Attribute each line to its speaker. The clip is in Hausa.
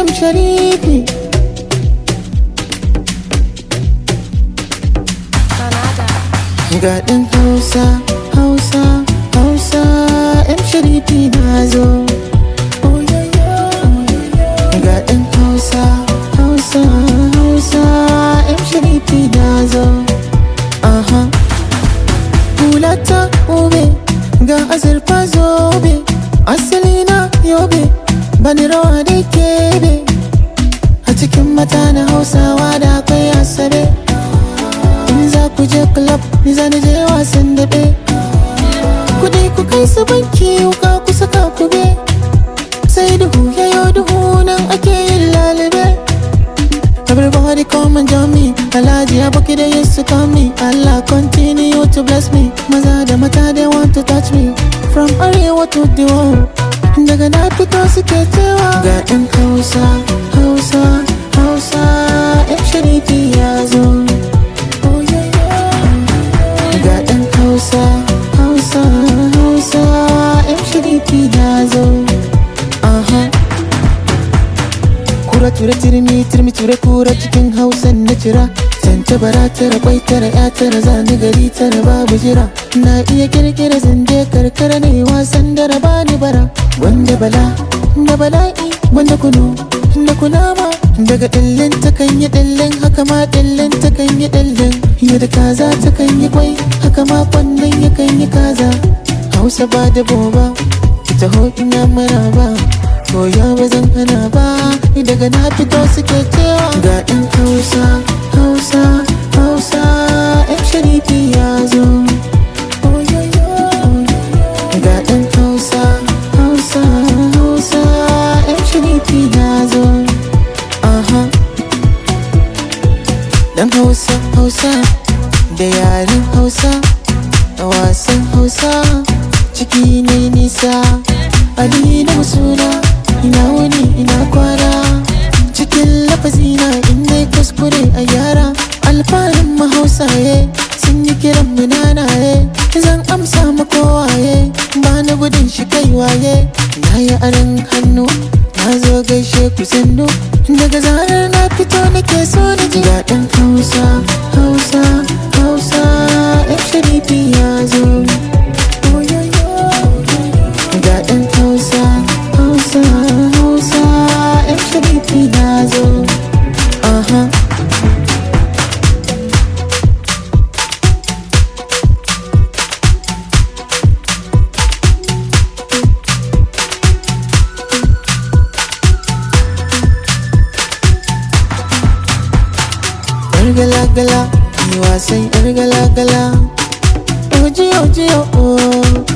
Speaker 1: كم شريكي Gaɗin Hausa, Hausa, Hausa, ‘yan sharifi na zo. Gaɗin Hausa, Hausa, Hausa, ‘yan sharifi na zo. Aha. Hula ta ube, ga azurfa zobe, asali na yobe. bani rawa da kebe a cikin mata na hausawa da akwai asabe in za ku je club ni za ni je wasan daɓe kudi ku kai su banki wuka ku saka ku be sai duhu yayo duhu nan ake yin lalube Everybody come and join me Alhaji aboki da used to me Allah continue to bless me Maza da mata they want to touch me From Arewa to the world daga na fito suke cewa ga ɗan hausa hausa hausa yan shariki ya zo ga ɗan hausa hausa hausa yan shariki ya zo kura ture turmi turmi ture kura cikin hausa na cira ta bara tara kwai tara ya tara zani gari tara babu jira na iya kirkira zinde karkara ne wasan dara bani bara wanda bala na bala'i wanda kunu na kunama daga dillin ta kan yi dillin haka ma dillin ta kan yi dillin yadda kaza ta kan yi kwai haka ma kwannan ya kan yi kaza hausa ba da boba ta na mara ba koya ba zan hana ba daga na fito suke ta ki na zo aha dan hausa hausa da yaren hausa a wasan hausa ciki ne nisa ali na suna ina wuni ina kwara cikin lafazina in dai kuskure a ku sannu daga zarar na fito ke so na ji daɗin hausa hausa hausa ɗan sharifi ya zo 'yar gala-gala, wasan 'yar Oh, Oji oh, oh.